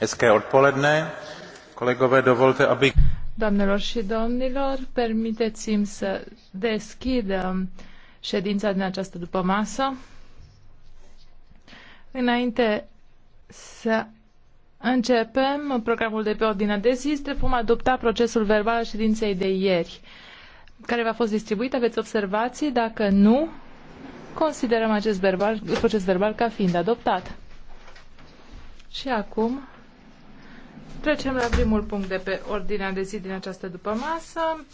Hezké odpoledne. Kolegové, dovolte, abych... Doamnelor și domnilor, permiteți-mi să deschid um, ședința din această dupămasă. Înainte să începem programul de pe ordinea de zi, vom adopta procesul verbal al ședinței de ieri care v-a fost distribuit. Aveți observații? Dacă nu, considerăm acest verbal, proces verbal ca fiind adoptat. Și acum trecem la primul punct de pe ordinea de zi din această dupămasă.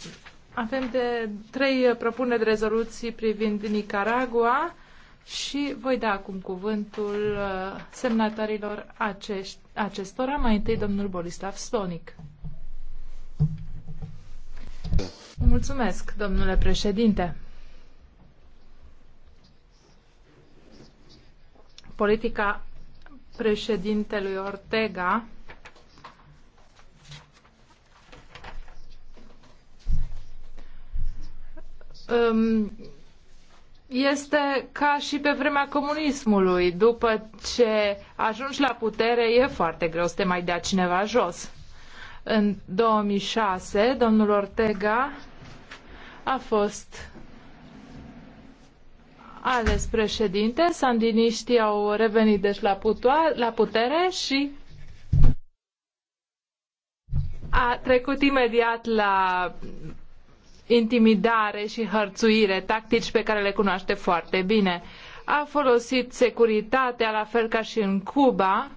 Avem de trei propuneri de rezoluții privind Nicaragua și voi da acum cuvântul uh, semnatarilor acești, acestora, mai întâi domnul Bolislav Stonic. Mulțumesc, domnule președinte. Politica președintelui Ortega um, este ca și pe vremea comunismului. După ce ajungi la putere, e foarte greu să te mai dea cineva jos. În 2006, domnul Ortega a fost ales președinte, sandiniștii au revenit deci la, la putere și a trecut imediat la intimidare și hărțuire, tactici pe care le cunoaște foarte bine. A folosit securitatea la fel ca și în Cuba